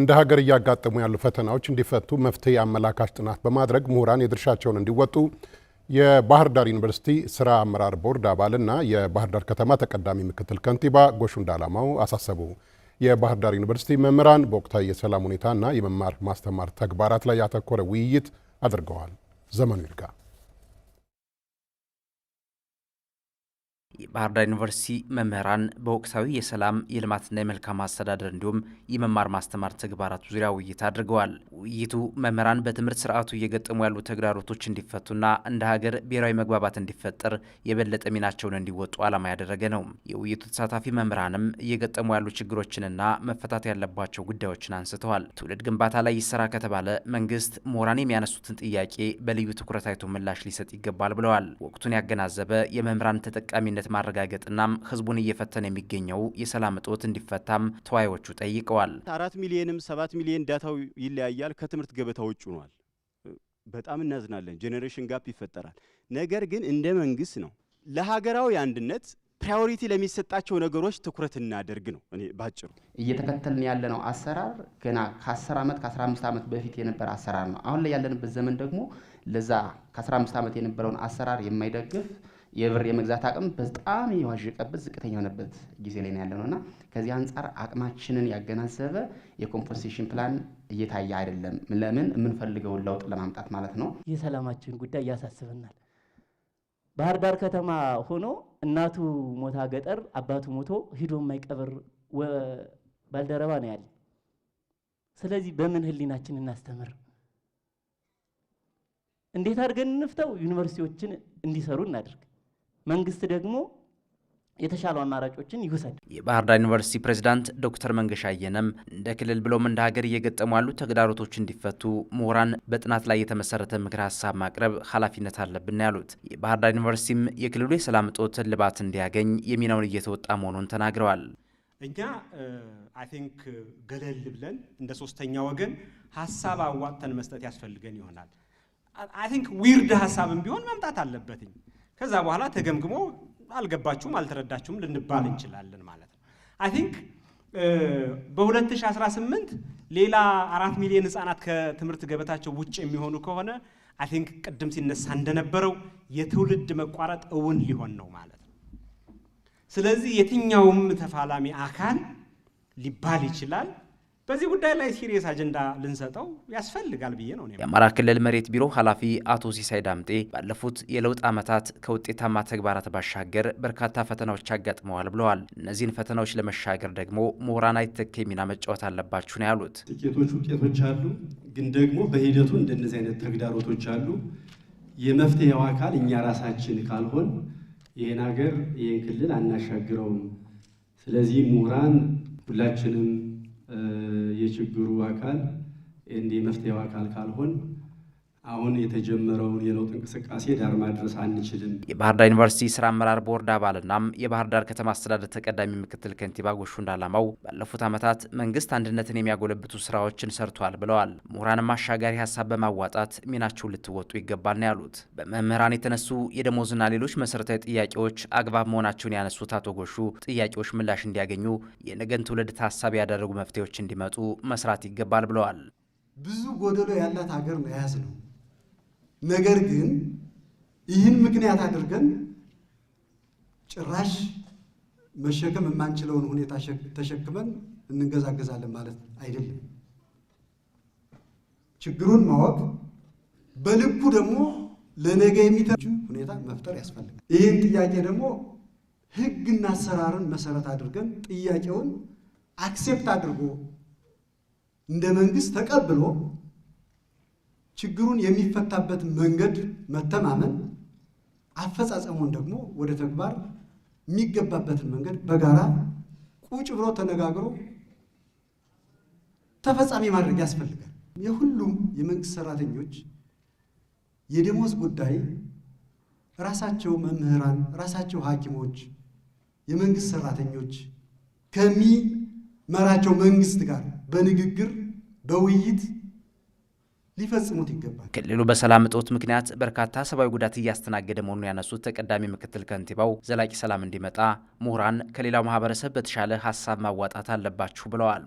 እንደ ሀገር እያጋጠሙ ያሉ ፈተናዎች እንዲፈቱ መፍትሄ አመላካች ጥናት በማድረግ ምሁራን የድርሻቸውን እንዲወጡ የባህር ዳር ዩኒቨርሲቲ ስራ አመራር ቦርድ አባልና የባህር ዳር ከተማ ተቀዳሚ ምክትል ከንቲባ ጎሹ እንዳላማው አሳሰቡ። የባህር ዳር ዩኒቨርሲቲ መምህራን በወቅታዊ የሰላም ሁኔታና የመማር ማስተማር ተግባራት ላይ ያተኮረ ውይይት አድርገዋል። ዘመኑ ይርጋ የባህር ዳር ዩኒቨርሲቲ መምህራን በወቅታዊ የሰላም የልማትና የመልካም አስተዳደር እንዲሁም የመማር ማስተማር ተግባራቱ ዙሪያ ውይይት አድርገዋል። ውይይቱ መምህራን በትምህርት ስርዓቱ እየገጠሙ ያሉ ተግዳሮቶች እንዲፈቱና እንደ ሀገር ብሔራዊ መግባባት እንዲፈጠር የበለጠ ሚናቸውን እንዲወጡ ዓላማ ያደረገ ነው። የውይይቱ ተሳታፊ መምህራንም እየገጠሙ ያሉ ችግሮችንና መፈታት ያለባቸው ጉዳዮችን አንስተዋል። ትውልድ ግንባታ ላይ ይሰራ ከተባለ መንግስት ምሁራን የሚያነሱትን ጥያቄ በልዩ ትኩረት አይቶ ምላሽ ሊሰጥ ይገባል ብለዋል። ወቅቱን ያገናዘበ የመምህራን ተጠቃሚነት ተጠያቂነት ማረጋገጥና ህዝቡን እየፈተነ የሚገኘው የሰላም እጦት እንዲፈታም ተወያዮቹ ጠይቀዋል። አራት ሚሊዮንም ሰባት ሚሊዮን ዳታው ይለያያል። ከትምህርት ገበታ ውጭ ሆኗል። በጣም እናዝናለን። ጄኔሬሽን ጋፕ ይፈጠራል። ነገር ግን እንደ መንግስት ነው ለሀገራዊ አንድነት ፕራዮሪቲ ለሚሰጣቸው ነገሮች ትኩረት እናደርግ ነው። እኔ ባጭሩ እየተከተልን ያለነው አሰራር ገና ከ10 ዓመት ከ15 ዓመት በፊት የነበረ አሰራር ነው። አሁን ላይ ያለንበት ዘመን ደግሞ ለዛ ከ15 ዓመት የነበረውን አሰራር የማይደግፍ የብር የመግዛት አቅም በጣም የዋዠቀበት ዝቅተኛ የሆነበት ጊዜ ላይ ነው እና ከዚህ አንጻር አቅማችንን ያገናዘበ የኮምፖንሴሽን ፕላን እየታየ አይደለም። ለምን የምንፈልገውን ለውጥ ለማምጣት ማለት ነው። ሰላማችን ጉዳይ ያሳስበናል። ባህር ዳር ከተማ ሆኖ እናቱ ሞታ ገጠር አባቱ ሞቶ ሂዶ የማይቀብር ባልደረባ ነው ያለ። ስለዚህ በምን ህሊናችን እናስተምር? እንዴት አድርገን እንፍተው? ዩኒቨርሲቲዎችን እንዲሰሩ እናድርግ። መንግስት ደግሞ የተሻሉ አማራጮችን ይውሰድ። የባህር ዳር ዩኒቨርሲቲ ፕሬዚዳንት ዶክተር መንገሻ አየነም እንደ ክልል ብሎም እንደ ሀገር እየገጠሙ ያሉ ተግዳሮቶች እንዲፈቱ ምሁራን በጥናት ላይ የተመሰረተ ምክር ሀሳብ ማቅረብ ኃላፊነት አለብን ያሉት፣ የባህር ዳር ዩኒቨርሲቲም የክልሉ የሰላም እጦት እልባት እንዲያገኝ የሚናውን እየተወጣ መሆኑን ተናግረዋል። እኛ አይ ቲንክ ገለል ብለን እንደ ሶስተኛ ወገን ሀሳብ አዋጥተን መስጠት ያስፈልገን ይሆናል። አይ ቲንክ ዊርድ ሀሳብም ቢሆን መምጣት አለበትኝ ከዛ በኋላ ተገምግሞ አልገባችሁም፣ አልተረዳችሁም ልንባል እንችላለን ማለት ነው። አይ ቲንክ በ2018 ሌላ አራት ሚሊዮን ህጻናት ከትምህርት ገበታቸው ውጭ የሚሆኑ ከሆነ አይ ቲንክ ቅድም ሲነሳ እንደነበረው የትውልድ መቋረጥ እውን ሊሆን ነው ማለት ነው። ስለዚህ የትኛውም ተፋላሚ አካል ሊባል ይችላል በዚህ ጉዳይ ላይ ሲሪየስ አጀንዳ ልንሰጠው ያስፈልጋል ብዬ ነው። የአማራ ክልል መሬት ቢሮ ኃላፊ አቶ ሲሳይ ዳምጤ ባለፉት የለውጥ ዓመታት ከውጤታማ ተግባራት ባሻገር በርካታ ፈተናዎች አጋጥመዋል ብለዋል። እነዚህን ፈተናዎች ለመሻገር ደግሞ ምሁራን አይተካ ሚና መጫወት አለባችሁ ነው ያሉት። ጥቂቶች ውጤቶች አሉ፣ ግን ደግሞ በሂደቱ እንደነዚህ አይነት ተግዳሮቶች አሉ። የመፍትሄው አካል እኛ ራሳችን ካልሆን ይህን ሀገር ይህን ክልል አናሻግረውም። ስለዚህ ምሁራን ሁላችንም የችግሩ አካል እንዲህ መፍትሄው አካል ካልሆን አሁን የተጀመረውን የለውጥ እንቅስቃሴ ዳር ማድረስ አንችልም። የባህር ዳር ዩኒቨርሲቲ ስራ አመራር ቦርድ አባልናም የባህር ዳር ከተማ አስተዳደር ተቀዳሚ ምክትል ከንቲባ ጎሹ እንዳላማው ባለፉት ዓመታት መንግስት አንድነትን የሚያጎለብቱ ስራዎችን ሰርቷል ብለዋል። ምሁራንም አሻጋሪ ሀሳብ በማዋጣት ሚናቸውን ልትወጡ ይገባል ነው ያሉት። በመምህራን የተነሱ የደሞዝና ሌሎች መሰረታዊ ጥያቄዎች አግባብ መሆናቸውን ያነሱት አቶ ጎሹ ጥያቄዎች ምላሽ እንዲያገኙ የነገን ትውልድ ታሳቢ ያደረጉ መፍትሄዎች እንዲመጡ መስራት ይገባል ብለዋል። ብዙ ጎደሎ ያላት ሀገር ነው የያዝነው ነገር ግን ይህን ምክንያት አድርገን ጭራሽ መሸከም የማንችለውን ሁኔታ ተሸክመን እንገዛገዛለን ማለት አይደለም። ችግሩን ማወቅ በልኩ ደግሞ ለነገ የሚተ ሁኔታ መፍጠር ያስፈልጋል። ይህን ጥያቄ ደግሞ ሕግና አሰራርን መሰረት አድርገን ጥያቄውን አክሴፕት አድርጎ እንደ መንግስት ተቀብሎ ችግሩን የሚፈታበት መንገድ መተማመን፣ አፈጻጸሙን ደግሞ ወደ ተግባር የሚገባበትን መንገድ በጋራ ቁጭ ብሎ ተነጋግሮ ተፈጻሚ ማድረግ ያስፈልጋል። የሁሉም የመንግስት ሰራተኞች የደሞዝ ጉዳይ ራሳቸው መምህራን፣ ራሳቸው ሐኪሞች፣ የመንግስት ሰራተኞች ከሚመራቸው መንግስት ጋር በንግግር በውይይት ሊፈጽሙት ይገባል። ክልሉ በሰላም እጦት ምክንያት በርካታ ሰብአዊ ጉዳት እያስተናገደ መሆኑን ያነሱት ተቀዳሚ ምክትል ከንቲባው ዘላቂ ሰላም እንዲመጣ ምሁራን ከሌላው ማህበረሰብ በተሻለ ሀሳብ ማዋጣት አለባችሁ ብለዋል።